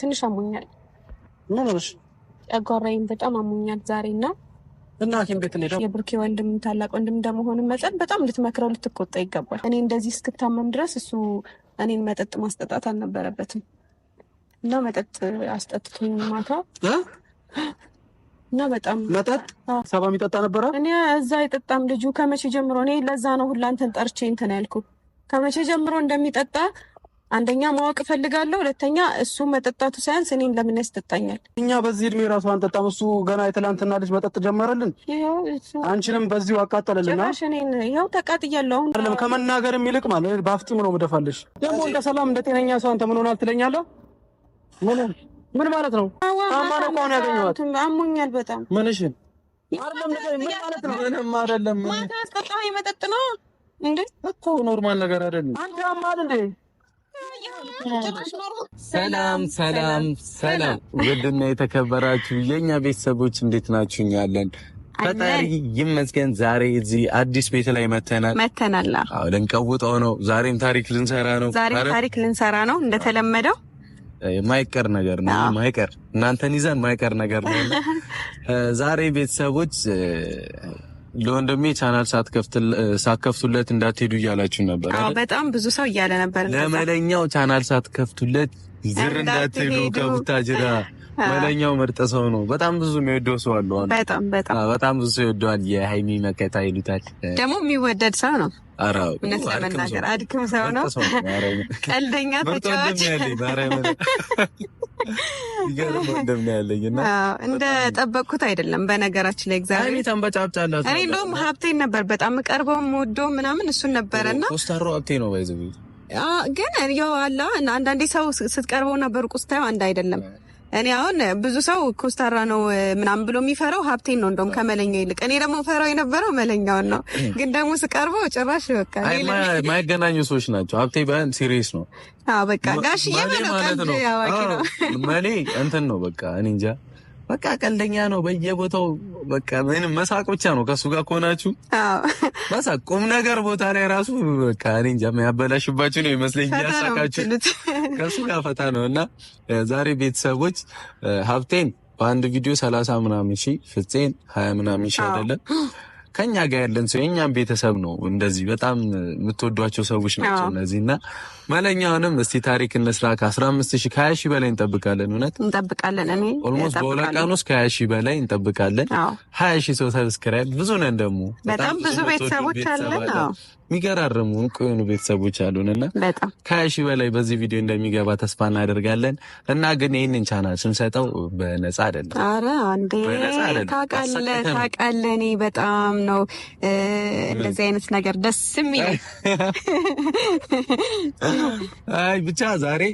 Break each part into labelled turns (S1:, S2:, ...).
S1: ትንሽ አሞኛል። ምን ሆነሽ? ጨጓራዬን በጣም አሞኛል ዛሬ እና
S2: እና ሐኪም ቤት እንሄዳ።
S1: የብሩኬ ወንድም ታላቅ ወንድም እንደመሆን መጠን በጣም ልትመክረው ልትቆጣ ይገባል። እኔ እንደዚህ እስክታመም ድረስ እሱ እኔን መጠጥ ማስጠጣት አልነበረበትም እና መጠጥ አስጠጥቶኝ ማታ እና በጣም
S2: መጠጥ ሰባ የሚጠጣ ነበረ።
S1: እኔ እዛ አይጠጣም ልጁ ከመቼ ጀምሮ እኔ ለዛ ነው ሁላንተን ጠርቼ እንትን ያልኩ ከመቼ ጀምሮ እንደሚጠጣ አንደኛ ማወቅ እፈልጋለሁ፣ ሁለተኛ እሱ መጠጣቱ ሳያንስ እኔም ለምን ያስጠጣኛል?
S2: እኛ በዚህ እድሜ ራሱ አንጠጣም። እሱ ገና የትላንትና ልጅ መጠጥ ጀመረልን፣ አንቺንም በዚሁ አቃጠለልና
S1: ይኸው ተቃጥያለሁ።
S2: አሁን ከመናገርም ይልቅ ማለት በአፍጢሙ ነው ምደፋለሽ። ደግሞ እንደ ሰላም እንደ ጤነኛ ሰው አንተ ምን ሆናል ትለኛለህ? ምን ማለት ነው? አማን ቋን
S1: አሞኛል በጣም
S2: ምንሽን ምንም አይደለም።
S1: ማታ አስጠጣ የመጠጥ ነው እንዴ
S2: እኮ ኖርማል ነገር አይደለም። አንተ አማል እንዴ ሰላም ሰላም ሰላም፣ ውድና የተከበራችሁ የእኛ ቤተሰቦች እንዴት ናችሁ? እኛለን ፈጣሪ ይመስገን። ዛሬ እዚህ አዲስ ቤት ላይ መተናል መተናል። ልንቀውጠው ነው። ዛሬም ታሪክ ልንሰራ ነው።
S1: ዛሬም ታሪክ ልንሰራ ነው። እንደተለመደው
S2: ማይቀር ነገር ነው። ማይቀር እናንተን ይዘን ማይቀር ነገር ነው። ዛሬ ቤተሰቦች ለወንድሜ ቻናል ሳትከፍቱለት እንዳትሄዱ እያላችሁ ነበር።
S1: በጣም ብዙ ሰው እያለ ነበር።
S2: ለመለኛው ቻናል ሳትከፍቱለት ዝር እንዳትሄዱ ከቡታጅራ መለኛው ምርጥ ሰው ነው። በጣም ብዙ የሚወደው ሰው አለ። በጣም በጣም ብዙ ሰው ይወደዋል። የሀይሚ መከታ ይሉታል።
S1: ደግሞ የሚወደድ ሰው ነው። እውነት ለመናገር አድክም ሰው ነው። ቀልደኛ ተጫዋች እንደ ጠበቅኩት አይደለም። በነገራችን ላይ
S2: እግዚአብሔር ተንበጫብጫላት።
S1: እኔ እንደውም ሀብቴን ነበር በጣም ቀርበው ወዶ ምናምን እሱን ነበረና
S2: ኮስታሮ ሀብቴ ነው ይዘ
S1: ግን ያው አለ አንዳንዴ ሰው ስትቀርበውና በሩቁ ስታየው አንድ አይደለም። እኔ አሁን ብዙ ሰው ኮስታራ ነው ምናምን ብሎ የሚፈራው ሀብቴን ነው እንደውም ከመለኛው ይልቅ። እኔ ደግሞ ፈራው የነበረው መለኛውን ነው። ግን ደግሞ ስቀርበው ጭራሽ በቃ
S2: ማይገናኙ ሰዎች ናቸው። ሀብቴ በን ሲሪየስ ነው በቃ ጋሽዬ ማለት ነው። መሌ እንትን ነው በቃ እኔ እንጃ በቃ ቀልደኛ ነው። በየቦታው በቃ ምን መሳቅ ብቻ ነው ከእሱ ጋር ከሆናችሁ መሳቅ። ቁም ነገር ቦታ ላይ ራሱ በቃ እኔ እንጃ የሚያበላሽባችሁ ነው ይመስለኝ እያሳቃችሁ ከእሱ ጋር ፈታ ነው። እና ዛሬ ቤተሰቦች ሀብቴን በአንድ ቪዲዮ ሰላሳ ምናምን ሺ ፍፄን ሀያ ምናምን ሺ አይደለም ከኛ ጋር ያለን ሰው የኛም ቤተሰብ ነው። እንደዚህ በጣም የምትወዷቸው ሰዎች ናቸው እነዚህ እና መለኛውንም እስቲ ታሪክ እንስራ። ከአስራ አምስት ሺህ ከሀያ ሺህ በላይ እንጠብቃለን። እውነት
S1: እንጠብቃለን። እኔ
S2: ኦልሞስት በሁለት ቀን ውስጥ ከሀያ ሺህ በላይ እንጠብቃለን። ሀያ ሺህ ሰው ሰብስክራይብ ብዙ ነን ደግሞ
S1: በጣም ብዙ ቤተሰቦች አለን።
S2: የሚገራርሙ እንቁ የሆኑ ቤተሰቦች አሉንና ከሀያ ሺህ በላይ በዚህ ቪዲዮ እንደሚገባ ተስፋ እናደርጋለን። እና ግን ይህንን ቻናል ስንሰጠው በነፃ አይደለም።
S1: አረ አንዴ ታውቃለህ፣ ታውቃለህ እኔ በጣም ነው እንደዚህ አይነት ነገር ደስ የሚል
S2: አይ ብቻ ዛሬ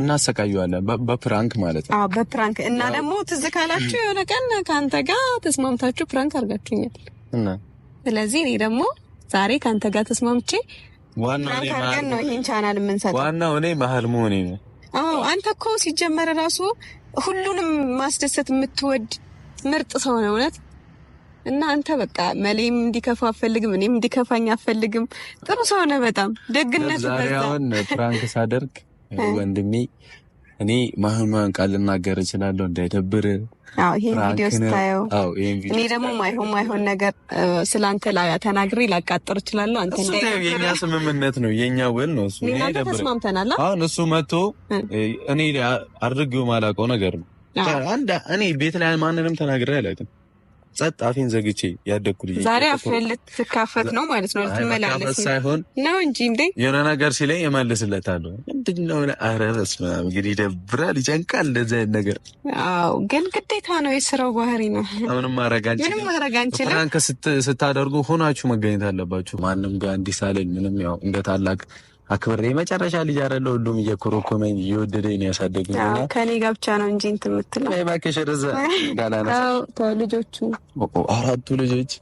S2: እናሰቃየዋለን በፕራንክ ማለት
S1: ነው። በፕራንክ እና ደግሞ ትዝ ካላችሁ የሆነ ቀን ከአንተ ጋር ተስማምታችሁ ፕራንክ አድርጋችሁኛል። ስለዚህ እኔ ደግሞ ዛሬ ከአንተ ጋር ተስማምቼ ነው ይህን ቻናል የምንሰጠው።
S2: ዋናው እኔ መሀል መሆኔ ነው።
S1: አዎ አንተ እኮ ሲጀመረ ራሱ ሁሉንም ማስደሰት የምትወድ ምርጥ ሰው ነው እውነት። እና አንተ በቃ መሌም እንዲከፋ አፈልግም፣ እኔም እንዲከፋኝ አፈልግም። ጥሩ ሰው ነህ በጣም
S2: ደግነቱ። ዛሬ አሁን ፕራንክ ሳደርግ ወንድሜ እኔ ማህማን ቃል ልናገር እችላለሁ እንዳይደብር።
S1: ይሄን ስታየው እኔ ደግሞ ማይሆን ማይሆን ነገር ስለአንተ ላ ተናግሬ ላቃጥር እችላለሁ። አንተ
S2: የኛ ስምምነት ነው፣ የኛ ውል ነው። እሱ
S1: ተስማምተናል።
S2: አሁን እሱ መጥቶ እኔ አድርጌው ማላውቀው ነገር ነው። አንድ እኔ ቤት ላይ ማንንም ተናግሬ አላውቅም። ጸጥ አፌን ዘግቼ ያደግኩ ልጅ
S1: ዛሬ አፌን ልትካፈት ነው ማለት ነው።
S2: ልትመላለስ ሳይሆን ነው እንጂ እንዴ የሆነ ነገር ሲለኝ እመልስለታለሁ። ምንድን ነው ኧረ በስመ አብ እንግዲህ ይደብራል፣ ይጨንቃል እንደዚህ አይነት ነገር።
S1: አዎ ግን ግዴታ ነው፣ የስራው ባህሪ ነው። ምንም ማድረግ አንችልም።
S2: ፍራንክ ስታደርጉ ሆናችሁ መገኘት አለባችሁ። ማንም ጋር እንዲህ ሳለኝ ምንም ያው እንደ ታላቅ አክብሬ የመጨረሻ ልጅ አይደለሁ። ሁሉም እየኮረኮመኝ እየወደደኝ ነው ያሳደጉኝ።
S1: ከኔ ጋብቻ ነው እንጂ እንትን የምትለው
S2: እባክሽ ርዘ ልጆቹ አራቱ ልጆች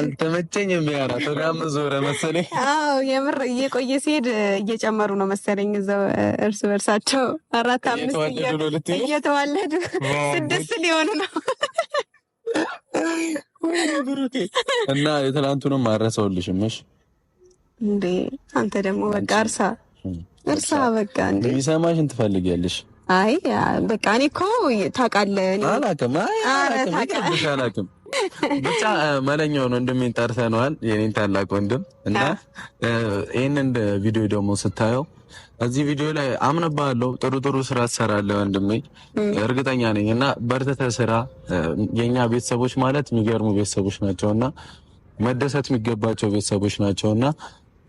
S2: አልተመቸኝም። ቢያራ በጣም ዞረ መሰለኝ።
S1: አዎ የምር እየቆየ ሲሄድ እየጨመሩ ነው መሰለኝ እዛው እርስ በርሳቸው አራት
S2: አምስት
S1: እየተዋለዱ ስድስት ሊሆኑ ነው
S2: እና የትላንቱንም አረሰውልሽምሽ
S1: እንዴ አንተ ደግሞ በቃ እርሳ እርሳ በቃ እንዴ
S2: ሰማሽን ትፈልጊያለሽ?
S1: አይ በቃ እኔ እኮ ታውቃለህ፣
S2: አላውቅም አላውቅም። ብቻ መለኛውን ወንድሜን ጠርተነዋል፣ የኔን ታላቅ ወንድም እና ይህንን ቪዲዮ ደግሞ ስታየው እዚህ ቪዲዮ ላይ አምንባለው። ጥሩ ጥሩ ስራ ትሰራለህ ወንድሜ፣ እርግጠኛ ነኝ እና በርትተህ ስራ። የእኛ ቤተሰቦች ማለት የሚገርሙ ቤተሰቦች ናቸው እና መደሰት የሚገባቸው ቤተሰቦች ናቸው እና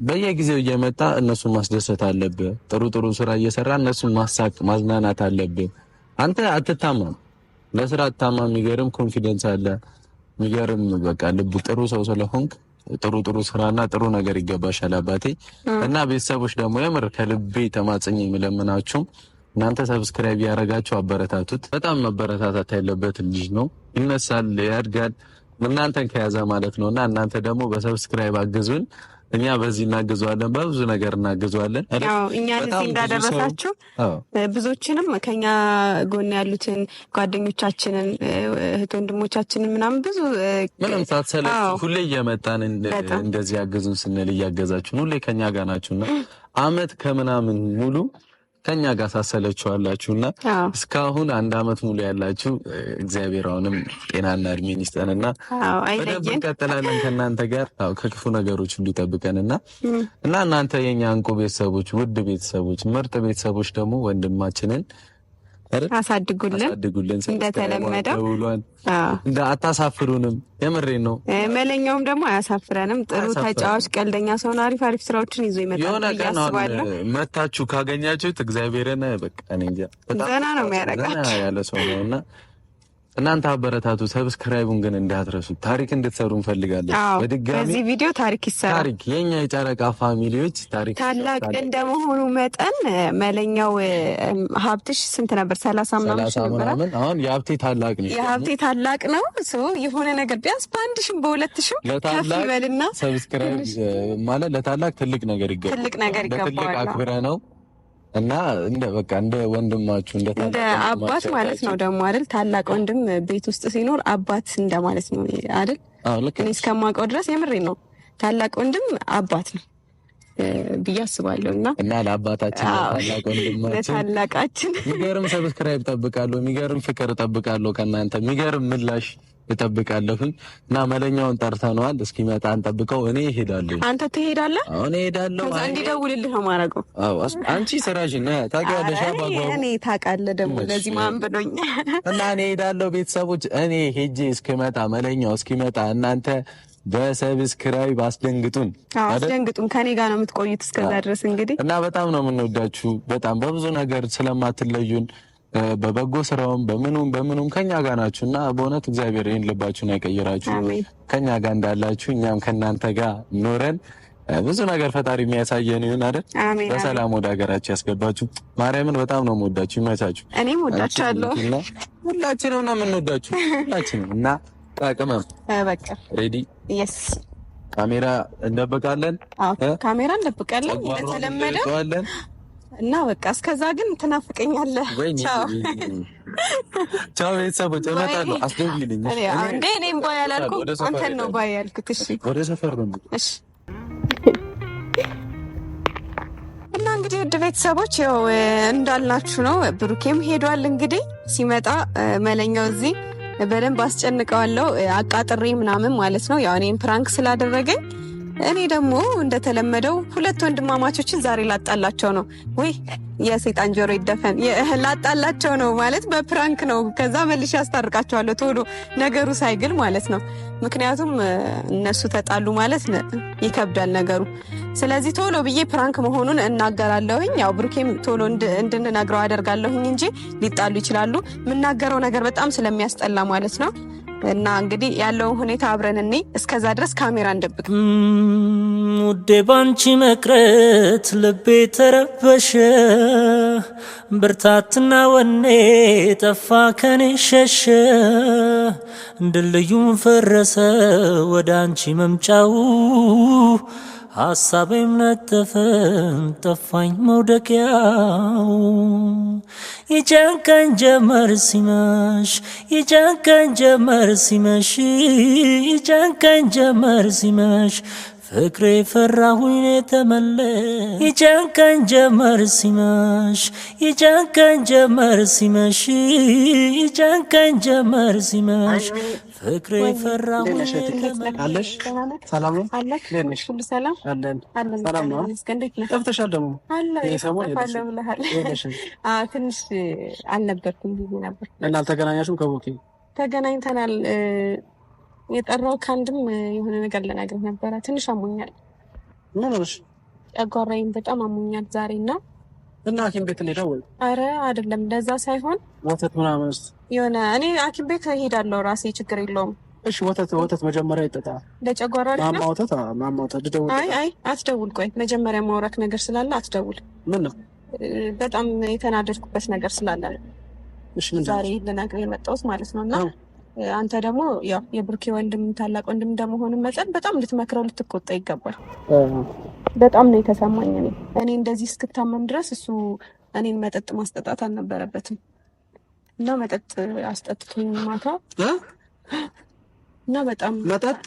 S2: በየጊዜው እየመጣ እነሱን ማስደሰት አለብህ። ጥሩ ጥሩ ስራ እየሰራ እነሱ ማሳቅ ማዝናናት አለብህ። አንተ አትታማም፣ ለስራ አትታማም። የሚገርም ኮንፊደንስ አለ። የሚገርም በቃ ልብ ጥሩ ሰው ስለሆንክ ጥሩ ጥሩ ስራና ጥሩ ነገር ይገባሻል አባቴ። እና ቤተሰቦች ደግሞ የምር ከልቤ ተማጽኝ የሚለምናችሁም እናንተ ሰብስክራይብ ያደረጋችሁ አበረታቱት። በጣም መበረታታት ያለበት ልጅ ነው። ይነሳል፣ ያድጋል። እናንተን ከያዘ ማለት ነው እና እናንተ ደግሞ በሰብስክራይብ አግዙን። እኛ በዚህ እናግዘዋለን፣ በብዙ ነገር እናግዘዋለን።
S1: እኛ እዚህ እንዳደረሳችሁ ብዙዎችንም ከኛ ጎን ያሉትን ጓደኞቻችንን እህት ወንድሞቻችንን ምናምን ብዙ
S2: ምንም ሳትሰለ ሁሌ እየመጣን እንደዚህ ያገዙን ስንል እያገዛችሁን ሁሌ ከኛ ጋር ናችሁና አመት ከምናምን ሙሉ ከኛ ጋር ታሰለችኋላችሁ እና እስካሁን አንድ አመት ሙሉ ያላችሁ እግዚአብሔር አሁንም ጤናና እድሜን እና በደንብ እንቀጥላለን ከእናንተ ጋር ከክፉ ነገሮች እንዲጠብቀን እና እና እናንተ የኛ እንቁ ቤተሰቦች፣ ውድ ቤተሰቦች፣ ምርጥ ቤተሰቦች ደግሞ ወንድማችንን
S1: አሳድጉልን አሳድጉልን። እንደተለመደው
S2: እንደ አታሳፍሩንም። የምሬን ነው።
S1: መለኛውም ደግሞ አያሳፍረንም። ጥሩ ተጫዋች፣ ቀልደኛ ሰው ነው። አሪፍ አሪፍ ስራዎችን ይዞ
S2: ይመጣል። የሆነ መታችሁ ካገኛችሁት እግዚአብሔርን በቃ እኔ እንጃ ዘና ነው የሚያደርጋችሁ ያለ ሰው ነው እና እናንተ አበረታቱ። ሰብስክራይቡን ግን እንዳትረሱ። ታሪክ እንድትሰሩ እንፈልጋለን።
S1: በድጋሚ በዚህ ቪዲዮ ታሪክ ይሰራል።
S2: ታሪክ የኛ የጨረቃ ፋሚሊዎች ታሪክ
S1: ታላቅ እንደመሆኑ መጠን መለኛው ሀብትሽ ስንት ነበር? ሰላሳ
S2: ምናምን። አሁን የሀብቴ ታላቅ
S1: ነው፣ የሀብቴ ታላቅ ነው። የሆነ ነገር ቢያንስ በአንድ ሽም በሁለት ሽም
S2: ከፍ ይበልና ሰብስክራይብ ማለት ለታላቅ ትልቅ ነገር
S1: ይገባል። ትልቅ ነገር
S2: ይገባል። ትልቅ አክብረ ነው እና እንደ በቃ እንደ ወንድማችሁ
S1: እንደ አባት ማለት ነው ደግሞ አይደል? ታላቅ ወንድም ቤት ውስጥ ሲኖር አባት እንደማለት ነው አይደል? እኔ እስከማውቀው ድረስ የምሬ ነው። ታላቅ ወንድም አባት ነው ብዬ አስባለሁ። እና
S2: እና ለአባታችን ታላቅ ወንድማችን
S1: ለታላቃችን
S2: የሚገርም ሰብስክራይብ ጠብቃለሁ፣ የሚገርም ፍቅር ጠብቃለሁ ከእናንተ የሚገርም ምላሽ እጠብቃለሁኝ እና መለኛውን ጠርተነዋል። እስኪመጣ እንጠብቀው። እኔ እሄዳለሁ።
S1: አንተ ትሄዳለህ? እኔ እሄዳለሁ። ከዛ እንዲደውልልህ ነው የማደርገው።
S2: አንቺ ስራሽ እና ታውቂያለሽ።
S1: እኔ ታውቃለህ ደግሞ ለዚህ ማንብሎኝ
S2: እና እኔ እሄዳለሁ። ቤተሰቦች እኔ ሄጄ እስኪመጣ መለኛው እስኪመጣ እናንተ በሰብስክራይብ አስደንግጡን፣
S1: አስደንግጡን። ከኔ ጋር ነው የምትቆዩት እስከዛ ድረስ እንግዲህ
S2: እና በጣም ነው የምንወዳችሁ በጣም በብዙ ነገር ስለማትለዩን በበጎ ስራውም በምኑም በምኑም ከኛ ጋር ናችሁ እና በእውነት እግዚአብሔር ይህን ልባችሁን አይቀይራችሁ። ከኛ ጋር እንዳላችሁ እኛም ከእናንተ ጋር ኖረን ብዙ ነገር ፈጣሪ የሚያሳየን ይሁን አይደል። በሰላም ወደ ሀገራችሁ ያስገባችሁ። ማርያምን በጣም ነው የምወዳችሁ። ይመቻችሁ።
S1: እኔም ወዳችኋለሁ።
S2: ሁላችንም ነው የምንወዳችሁ ሁላችንም እና ቅመም ሬዲ ካሜራ እንደብቃለን።
S1: ካሜራ እንደብቃለን እንደተለመደ እና በቃ እስከዛ ግን ትናፍቀኛለህ።
S2: ቻው ቤተሰቦች፣ እመጣለሁ። አስደውይልኝ።
S1: እንዴ እኔም ባይ አላልኩም፣ አንተን ነው ባይ ያልኩት። እሺ
S2: ወደ ሰፈር ነው።
S1: እና እንግዲህ ውድ ቤተሰቦች ያው እንዳልናችሁ ነው፣ ብሩኬም ሄዷል። እንግዲህ ሲመጣ መለኛው እዚህ በደንብ አስጨንቀዋለሁ፣ አቃጥሬ ምናምን ማለት ነው። ያው እኔም ፕራንክ ስላደረገኝ እኔ ደግሞ እንደተለመደው ሁለት ወንድማማቾችን ዛሬ ላጣላቸው ነው። ውይ የሰይጣን ጆሮ ይደፈን። ላጣላቸው ነው ማለት በፕራንክ ነው። ከዛ መልሼ ያስታርቃቸዋለሁ ቶሎ ነገሩ ሳይግል ማለት ነው። ምክንያቱም እነሱ ተጣሉ ማለት ይከብዳል ነገሩ። ስለዚህ ቶሎ ብዬ ፕራንክ መሆኑን እናገራለሁኝ። ያው ብሩኬም ቶሎ እንድንነግረው አደርጋለሁኝ እንጂ ሊጣሉ ይችላሉ። የምናገረው ነገር በጣም ስለሚያስጠላ ማለት ነው። እና እንግዲህ ያለውን ሁኔታ አብረን እኔ እስከዛ ድረስ ካሜራ እንደብቅ።
S2: ውዴ ባንቺ መቅረት ልቤ ተረበሸ፣ ብርታትና ወኔ ጠፋ ከኔ ሸሸ፣ ድልድዩም ፈረሰ ወደ አንቺ መምጫው ሐሳቤም ነጥፍን ጠፋኝ መውደቂያው ይጨንቀን ጀመር ሲመሽ ይጨንቀን ጀመር ሲመሽ ይጨንቀን ጀመር ሲመሽ ፍቅሬ ፈራሁኝ ተመለ ይጨንቀን ጀመር ሲመሽ ይጨንቀን ጀመር ሲመሽ ይጨንቀን ጀመር ሲመሽ ፍቅሬ ፈራሁኝ አለሽ።
S1: ትንሽ አልነበርኩም፣ ቢዚ
S2: ነበር እና አልተገናኛችሁም? ከቦኪ
S1: ተገናኝተናል የጠራው ከአንድም የሆነ ነገር ልነግርህ ነበረ። ትንሽ አሞኛል። ምን ሆነሽ? ጨጓራዬን በጣም አሞኛል ዛሬ እና
S2: እና ሐኪም ቤት እንሄዳ ወይ?
S1: አረ አይደለም፣ ለዛ ሳይሆን
S2: ወተት ምናምን
S1: የሆነ እኔ ሐኪም ቤት እሄዳለሁ ራሴ፣ ችግር የለውም።
S2: እሺ ወተት ወተት መጀመሪያ ይጠጣ። ለጨጓራ ማማ ወተት ማማ ወተት
S1: ደውል። አይ አይ አትደውል፣ ቆይ መጀመሪያ ማውራት ነገር ስላለ አትደውል። ምን ነው? በጣም የተናደድኩበት ነገር ስላለ ነው ዛሬ ልነግርህ የመጣሁት ማለት ነው እና አንተ ደግሞ ያው የብሩኬ ወንድም ታላቅ ወንድም እንደመሆኑ መጠን በጣም ልትመክረው ልትቆጣ ይገባል። በጣም ነው የተሰማኝ። እኔ እኔ እንደዚህ እስክታመም ድረስ እሱ እኔን መጠጥ ማስጠጣት አልነበረበትም እና መጠጥ አስጠጥቶኝ ማታ እና በጣም መጠጥ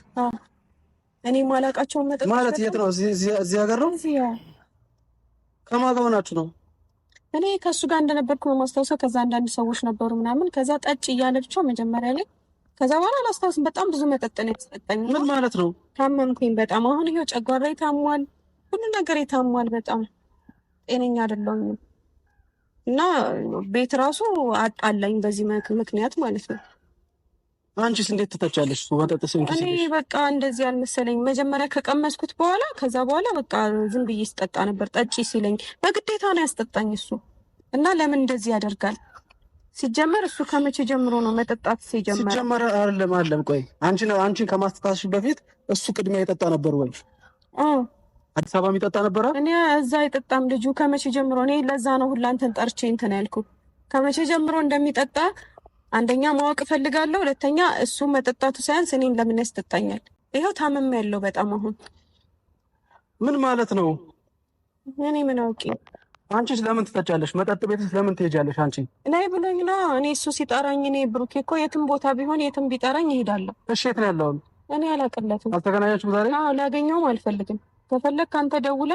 S1: እኔ ማላቃቸውን
S2: መጠጥ ማለት የት ነው? እዚህ ሀገር ነው። ከማን ጋር ሆናችሁ ነው?
S1: እኔ ከእሱ ጋር እንደነበርኩ በማስታወሰው ከዛ አንዳንድ ሰዎች ነበሩ ምናምን ከዛ ጠጭ እያለ ብቻ መጀመሪያ ላይ ከዛ በኋላ አላስታውስም። በጣም ብዙ መጠጥ ነው
S2: የተሰጠኝ። ምን ማለት ነው?
S1: ታመምኩኝ በጣም አሁን ይሄው ጨጓራ ይታሟል፣ ሁሉ ነገር የታሟል በጣም ጤነኛ አይደለሁም እና ቤት ራሱ አጣላኝ በዚህ ምክንያት ማለት ነው።
S2: አንቺስ እንዴት ትተቻለሽ? ወጠጥስ
S1: እኔ በቃ እንደዚህ አልመሰለኝ። መጀመሪያ ከቀመስኩት በኋላ ከዛ በኋላ በቃ ዝም ብዬ ስጠጣ ነበር። ጠጪ ሲለኝ በግዴታ ነው ያስጠጣኝ እሱ እና ለምን እንደዚህ ያደርጋል? ሲጀመር እሱ ከመቼ ጀምሮ ነው መጠጣት ሲጀመር?
S2: ሲጀመር አይደለም አይደለም፣ ቆይ አንቺ አንቺን ከማስተታሽ በፊት እሱ ቅድሚያ የጠጣ ነበር ወይ? አዲስ አበባ የሚጠጣ ነበረ?
S1: እኔ እዛ አይጠጣም ልጁ ከመቼ ጀምሮ። እኔ ለዛ ነው ሁላንተን ጠርቼ እንትን ያልኩ ከመቼ ጀምሮ እንደሚጠጣ አንደኛ ማወቅ እፈልጋለሁ፣ ሁለተኛ እሱ መጠጣቱ ሳያንስ እኔን ለምን ያስጠጣኛል? ይኸው ታመም ያለው በጣም አሁን
S2: ምን ማለት ነው? እኔ ምን አውቄ። አንቺስ ለምን ትጠጫለሽ? መጠጥ ቤትስ ለምን ትሄጃለሽ? አንቺ
S1: ናይ ብሎኝ ነው። እኔ እሱ ሲጠራኝ፣ እኔ ብሩኬ እኮ የትም ቦታ ቢሆን የትም ቢጠራኝ ይሄዳለሁ።
S2: እሺ የት ነው ያለውን?
S1: እኔ አላቀለትም።
S2: አልተገናኛችሁም ዛሬ?
S1: አዎ ላገኘውም አልፈልግም። ከፈለግ ከአንተ ደውለ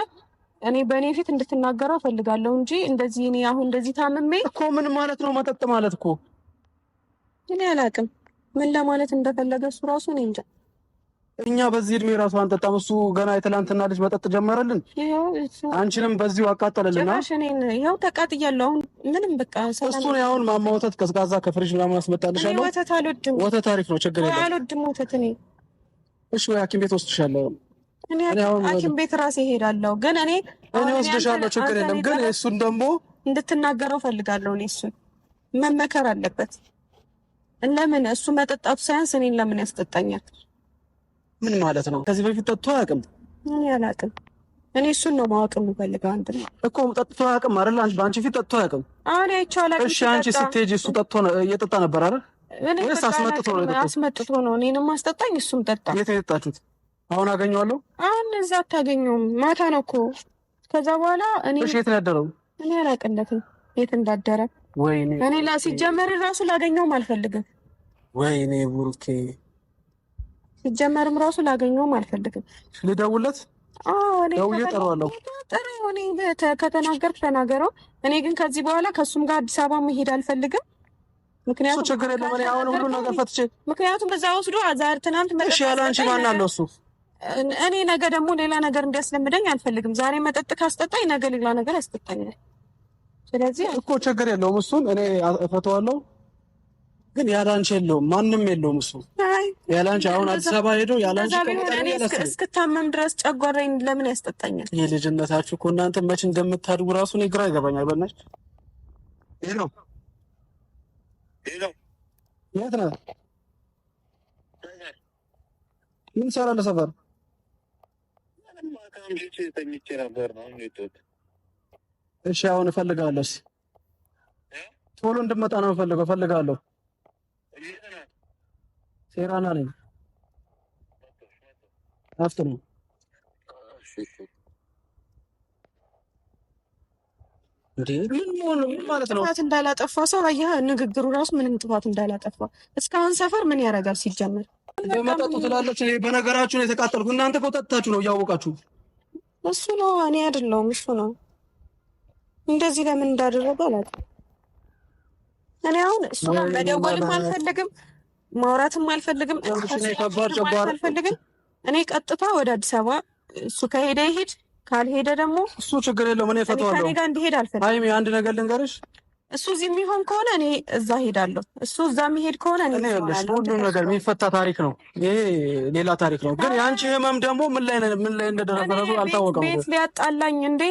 S1: እኔ በእኔ ፊት እንድትናገረው እፈልጋለሁ እንጂ እንደዚህ እኔ አሁን እንደዚህ ታምሜ
S2: እኮ ምን ማለት ነው? መጠጥ ማለት እኮ
S1: እኔ አላውቅም ምን ለማለት እንደፈለገ እሱ ራሱ እኔ እንጃ።
S2: እኛ በዚህ እድሜ ራሱ አንጠጣም። እሱ ገና የትላንትና ልጅ መጠጥ ጀመረልን። አንቺንም በዚሁ አቃጠለልና
S1: ይኸው ተቃጥያለሁ። አሁን ምንም በቃ
S2: እሱ አሁን ማማ ወተት ቀዝቃዛ ከፍሪጅ ምናምን አስመጣልሻለሁ።
S1: ወተት አልወድም። ወተት አሪፍ ነው፣ ችግር የለም። አልወድም ወተት እኔ።
S2: እሺ ወይ ሐኪም ቤት ወስድሻለሁ።
S1: እኔ ሐኪም ቤት ራሴ እሄዳለሁ። ግን እኔ
S2: እኔ ወስድሻለሁ፣ ችግር የለም። ግን እሱን ደግሞ
S1: እንድትናገረው ፈልጋለሁ። እኔ እሱን መመከር አለበት ለምን እሱ መጠጣቱ ሳያንስ እኔን ለምን ያስጠጣኛል?
S2: ምን ማለት ነው? ከዚህ በፊት ጠጥቶ አያውቅም።
S1: እኔ አላውቅም። እኔ እሱን ነው ማወቅ የምፈልገው። አንድ ነው
S2: እኮ ጠጥቶ አያውቅም አይደል? አንቺ በአንቺ ፊት ጠጥቶ አያውቅም።
S1: አሁን አይቼው አላውቅም።
S2: እሺ፣ አንቺ ስትሄጂ እሱ ጠጥቶ እየጠጣ ነበር አይደል? ወይስ አስመጥቶ ነው
S1: የጠጣው? አስመጥቶ ነው እኔንም አስጠጣኝ፣ እሱም ጠጣ።
S2: የት ነው የጠጣችሁት? አሁን አገኘዋለሁ?
S1: አሁን እዛ አታገኘውም። ማታ ነው እኮ ከዛ በኋላ እኔ እሺ፣ የት ነው ያደረው? እኔ አላውቅለትም የት እንዳደረም ወይኔ እኔ ላ ሲጀመር ራሱ ላገኘውም አልፈልግም።
S2: ወይኔ ቡርኬ
S1: ሲጀመርም ራሱ ላገኘውም አልፈልግም።
S2: ልደውለት ደውዬ እጠራዋለሁ።
S1: ጥሩ እኔ ከተናገርክ ተናገረው። እኔ ግን ከዚህ በኋላ ከእሱም ጋር አዲስ አበባ መሄድ አልፈልግም።
S2: ምክንያቱም ችግር የለም እኔ አሁን ሁሉ ነገር ፈትቼ
S1: ምክንያቱም እዛ ወስዶ አዛር ትናንት
S2: መጠ ያለ አንቺ ማን አለው እሱ
S1: እኔ ነገ ደግሞ ሌላ ነገር እንዲያስለምደኝ አልፈልግም። ዛሬ መጠጥ ካስጠጣኝ ነገ ሌላ ነገር ያስጠጣኛል። ስለዚህ
S2: እኮ ችግር የለውም። እሱን እኔ እፈተዋለሁ፣ ግን ያላንቺ የለውም፣ ማንም የለውም። እሱ ያላንቺ አሁን አዲስ አበባ ሄዶ
S1: ያላንቺ እስክታመም ድረስ ጨጓራዬን ለምን ያስጠጣኛል?
S2: ይህ ልጅነታችሁ እኮ እናንተ መች እንደምታድጉ ራሱ እኔ ግራ ይገባኛል። በናች ሄሎ፣ ሄሎ፣ የት ነህ? ምን ሰራ ለሰፈር ተኝቼ ነበር ነው እሺ አሁን እፈልጋለሁ። ቶሎ እንድመጣ ነው የምፈልገው እፈልጋለሁ። ሴራና ነኝ አፍት ነው። ምን ማለት ነው?
S1: ጥፋት እንዳላጠፋ ሰው አየህ፣ ንግግሩ ራሱ ምንም ጥፋት እንዳላጠፋ እስካሁን ሰፈር ምን ያደርጋል ሲጀመር?
S2: እንደመጠጡ ትላለች። በነገራችሁ ነው የተቃጠልኩ። እናንተ ከወጣታችሁ ነው እያወቃችሁ።
S1: እሱ ነው እኔ አይደለሁም እሱ ነው እንደዚህ ለምን እንዳደረገ አላውቅም። እኔ አሁን እሱ ጋር መደወልም አልፈልግም፣ ማውራትም አልፈልግም፣ አልፈልግም። እኔ ቀጥታ ወደ አዲስ አበባ እሱ ከሄደ ይሄድ፣ ካልሄደ ደግሞ
S2: እሱ ችግር የለውም። እኔ
S1: ፈተዋለሁ። እኔ ጋር እንዲሄድ አልፈልግም።
S2: አይ አንድ ነገር ልንገርሽ
S1: እሱ እዚህ የሚሆን ከሆነ እኔ እዛ ሄዳለሁ። እሱ እዛ የሚሄድ ከሆነ
S2: ሁሉም ነገር የሚፈታ ታሪክ ነው። ይሄ ሌላ ታሪክ ነው። ግን የአንቺ ህመም ደግሞ ምን ላይ እንደደረሰ
S1: አልታወቀም። ቤት ሊያጣላኝ እንዴ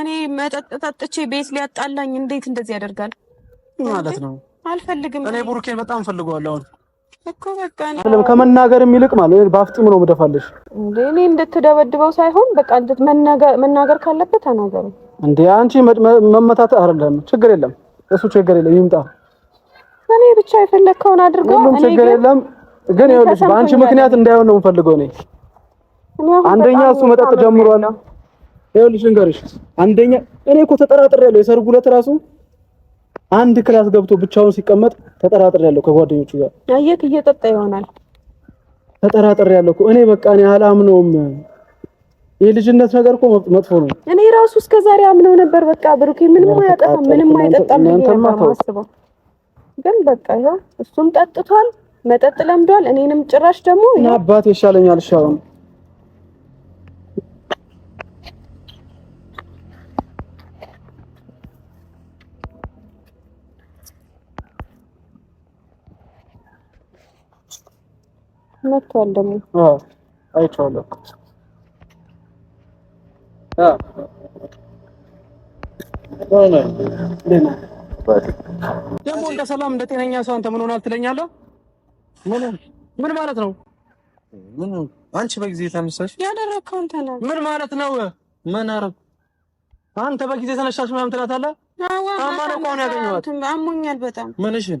S1: እኔ መጠጥ ጠጥቼ ቤት ሊያጣላኝ እንዴት እንደዚህ ያደርጋል ማለት ነው። አልፈልግም።
S2: እኔ ቡሩኬን በጣም ፈልገዋለሁ አሁን
S1: እኮ በቃ
S2: ከመናገር የሚልቅ ማለት በአፍጥም ነው ምደፋለሽ።
S1: እኔ እንድትደበድበው ሳይሆን በቃ መናገር ካለበት ተናገሩ
S2: እንዴ። አንቺ መመታት አይደለም ችግር የለም እሱ ችግር የለም ይምጣ።
S1: እኔ ብቻ የፈለግከውን አድርገው፣
S2: ሁሉም ችግር የለም ግን ይኸውልሽ፣ በአንቺ ምክንያት እንዳይሆን ነው የምፈልገው እኔ አንደኛ እሱ መጠጥ ጀምሯል ይኸውልሽ ልንገርሽ፣ አንደኛ እኔ እኮ ያለው የሰርጉ ዕለት እራሱ አንድ ክላስ ገብቶ ብቻውን ሲቀመጥ ያለው ከጓደኞቹ ጋር
S1: አየክ እየጠጣ ይሆናል።
S2: ያለው እኮ እኔ በቃ እኔ አላምነውም። የልጅነት ነገር እኮ መጥፎ ነው።
S1: እኔ ራሱ እስከ ዛሬ አምነው ነበር። በቃ ብሩኬ ምንም አያጠፋም፣ ምንም አይጠጣም
S2: ነው
S1: ግን በቃ ይኸው እሱም ጠጥቷል፣ መጠጥ ለምዷል። እኔንም ጭራሽ ደግሞ
S2: አባቴ ይሻለኛል ሻውን
S1: መጥቷል ደግሞ
S2: አይቼዋለሁ። ደግሞ እንደ ሰላም እንደ ጤነኛ ሰው አንተ ምን ሆናል ትለኛለህ? ምን ማለት ነው? አንቺ በጊዜ ተነሳሽ አንተ ነህ። ምን ማለት ነው? ምን አንተ በጊዜ ተነሳሽ ምናምን ትላታለህ።
S1: አማን እኮ ነው ያገኘኋት። አሞኛል በጣም ምንሽን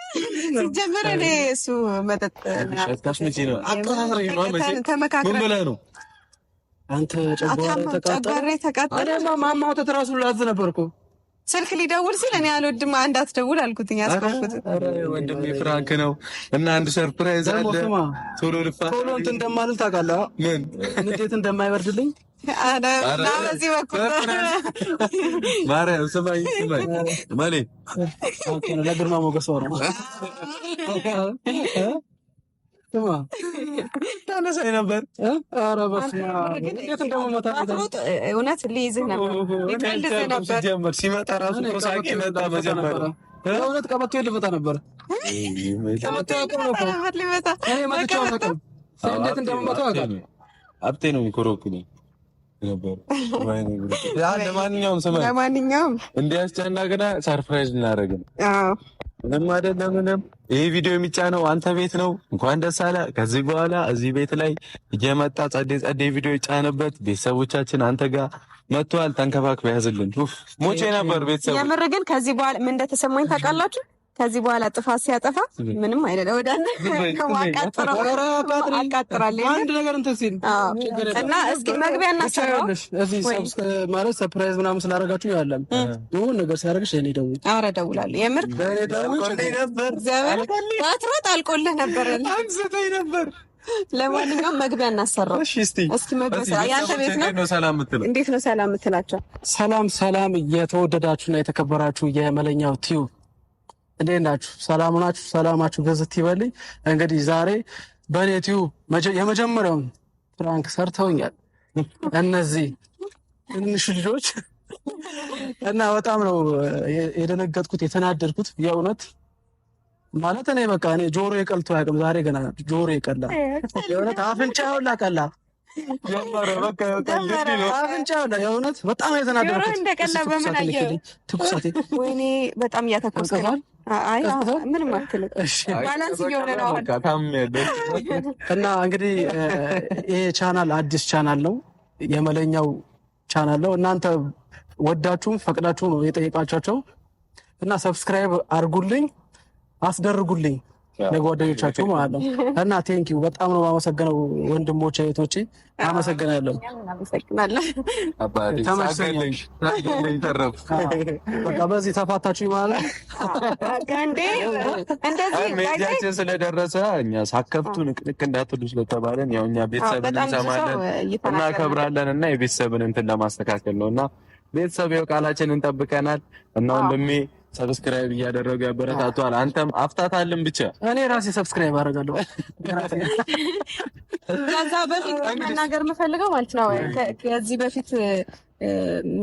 S1: ሲጀምር እኔ እሱ መጠጥ
S2: ነው አጠራሪ ምን ብለህ ነው አንተ?
S1: ጨጓራ
S2: ተቃጠለ። ማማ ማማውተት ላዝ ነበርኩ
S1: ስልክ ሊደውል ሲል እኔ አልወድም አንድ አትደውል አልኩትኝ። አስኩት
S2: ወንድሜ ፍራንክ ነው እና አንድ ሰርፕራይዝ አለ። ቶሎ ልፋ ቶሎ እንትን እንደማልል ታውቃለህ፣ ምን እንዴት እንደማይበርድልኝ
S1: በዚህ በኩል
S2: ማርያም ስማኝ ስማኝ መሌ ለግርማ ሞገስ ነው ታነሳኝ ነበር። ኧረ በስመ
S1: አብ እውነት ሊይዝህ
S2: ነበር ሲመጣ ራሱ ሳቄ መጣ። መጀመሪያ እውነት ቀበቶ ሊመጣ ነበር። ቀበቶ ነው ሊመጣ ነበር ለማንኛውም ስማ፣ ለማንኛውም እንዲያስጨናቅና ሰርፕራይዝ እናደርግ ነው ምንም አይደለ፣ ምንም ይህ ቪዲዮ የሚጫነው አንተ ቤት ነው። እንኳን ደስ አለ። ከዚህ በኋላ እዚህ ቤት ላይ እየመጣ ጸዴ ጸዴ ቪዲዮ ይጫንበት። ቤተሰቦቻችን አንተ ጋር መጥተዋል። ተንከባክበ ያዝልን። ሙቼ ነበር ቤተሰብ። የምር ግን ከዚህ በኋላ ምን እንደተሰማኝ ታውቃላችሁ? ከዚህ በኋላ ጥፋት ሲያጠፋ ምንም አይደለም ወደ አቃጥራለሁ እና እስኪ መግቢያ እናሰራው ማለት ሰፕራይዝ ምናምን ስላደረጋችሁ ያለም የሆነ ነገር ሲያደርግሽ እኔ ደው አረ እደውላለሁ። የምር ባትሮጥ አልቆልህ ነበር ነበር። ለማንኛውም መግቢያ እናሰራው እስኪ መግቢያ ያንተ ቤት ነው። ሰላም ምትለው እንዴት ነው? ሰላም ምትላቸው። ሰላም ሰላም፣ የተወደዳችሁና የተከበራችሁ የመለኛው ቲዩብ እንዴት ናችሁ? ሰላም ናችሁ? ሰላማችሁ ገዝት ይበልኝ። እንግዲህ ዛሬ በእኔ ቲዩብ የመጀመሪያውን ፕራንክ ሰርተውኛል እነዚህ ትንንሽ ልጆች እና በጣም ነው የደነገጥኩት የተናደድኩት። የእውነት ማለት እኔ በቃ እኔ ጆሮ የቀልቶ ያቅም ዛሬ ገና ጆሮ የቀላ የእውነት አፍንጫ ያውላ ቀላ የእውነት በጣም የተናደረኩት በጣም ነው። እና እንግዲህ ይሄ ቻናል አዲስ ቻናል ነው፣ የመለኛው ቻናል ነው። እናንተ ወዳችሁም ፈቅዳችሁ ነው የጠየቃቸው እና ሰብስክራይብ አድርጉልኝ፣ አስደርጉልኝ ለጓደኞቻችሁ ማለት ነው። እና ቴንኪው በጣም ነው የማመሰግነው ወንድሞች እህቶቼ፣ አመሰግናለሁ። በቃ በዚህ ተፋታችሁ ማለት ሜዲያችን ስለደረሰ እኛ ሳከብቱ ንቅንቅ እንዳትሉ ስለተባለን ያው እኛ ቤተሰብን እንሰማለን እናከብራለን እና የቤተሰብን እንትን ለማስተካከል ነው እና ቤተሰብ ያው ቃላችን እንጠብቀናል እና ወንድሜ ሰብስክራይብ እያደረጉ ያበረታቷል። አንተም አፍታታልን ብቻ እኔ ራሴ ሰብስክራይብ አደርጋለሁ። ከዛ በፊት መናገር የምፈልገው ማለት ነው ከዚህ በፊት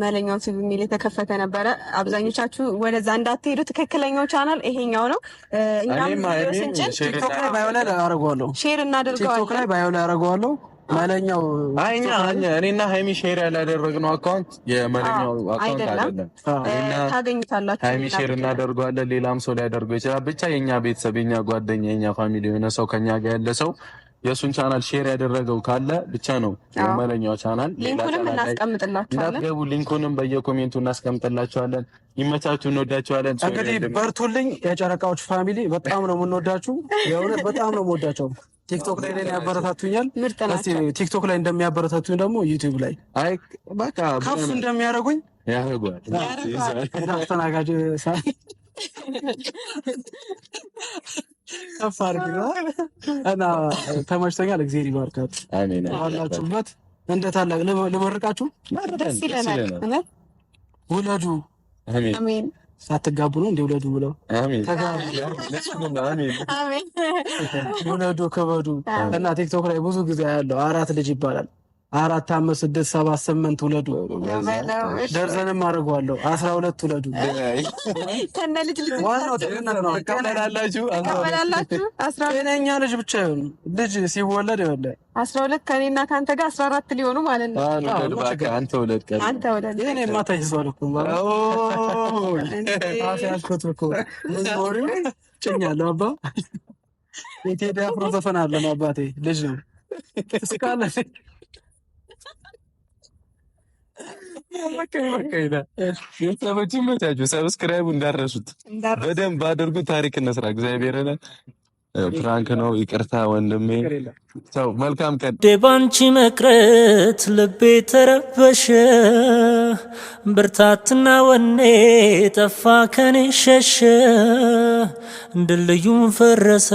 S2: መለኛውን ሲቪ ሚል የተከፈተ ነበረ። አብዛኞቻችሁ ወደዛ እንዳትሄዱ፣ ትክክለኛው ቻናል ይሄኛው ነው። እኛም ላይ ሼር እናደርገዋለሁ። ሼር እናደርገዋለሁ። ቲክቶክ ላይ ባዮ ላይ መለኛው አይኛ እኔና ሃይሚ ሼር ያላደረግነው አካውንት የመለኛው አካውንት አይደለም። ታገኙታላችሁ። ሼር እናደርገዋለን። ሌላም ሰው ሊያደርገው ይችላል። ብቻ የኛ ቤተሰብ፣ የኛ ጓደኛ፣ የኛ ፋሚሊ የሆነ ሰው ከኛ ጋር ያለ ሰው የእሱን ቻናል ሼር ያደረገው ካለ ብቻ ነው የመለኛው ቻናል። ሊንኩንም እናስቀምጥላቸዋለን፣ እንዳትገቡ። ሊንኩንም በየኮሜንቱ እናስቀምጥላቸዋለን። ይመቻችሁ፣ እንወዳቸዋለን። እንግዲህ በርቱልኝ፣ የጨረቃዎች ፋሚሊ በጣም ነው የምንወዳችሁ። የእውነት በጣም ነው የምወዳቸው። ቲክቶክ ላይ ላይ ያበረታቱኛል። ቲክቶክ ላይ እንደሚያበረታቱኝ ደግሞ ዩቲዩብ ላይ ከፍ እንደሚያደርጉኝ ያደርጓል አስተናጋጅ ከፍ አድርገዋል እና ተመችቶኛል። እግዚአብሔር ይባርካችሁ። ባላችሁበት እንደ ታላቅ ልመርቃችሁ። ውለዱ ሳትጋቡ ነው እንደ ውለዱ ብለው ውለዱ፣ ክበዱ እና ቲክቶክ ላይ ብዙ ጊዜ ያለው አራት ልጅ ይባላል አራት አምስት ስድስት ሰባት ስምንት ውለዱ። ደርዘንም አድርጓለሁ አስራ ሁለት ውለዱ። ጤነኛ ልጅ ብቻ ይሆኑ ልጅ ሲወለድ ይወለ አስራ ሁለት ከኔና ከአንተ ጋር አስራ አራት ሊሆኑ ማለት ነው። ጭኛለሁ። አባ የቴዲ አፍሮ ዘፈን አለን አባቴ ልጅ ነው ቤተሰቦችን መቻችሁ ሰብስክራይቡ እንዳረሱት በደንብ አድርጉ። ታሪክ እንስራ። እግዚአብሔር ፍራንክ ነው። ይቅርታ ወንድሜ። ሰው መልካም ቀን። ደባንቺ መቅረት ልቤ ተረበሸ፣ ብርታትና ወኔ ጠፋ ከኔ ሸሸ። ድልድዩም ፈረሰ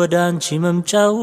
S2: ወደ አንቺ መምጫው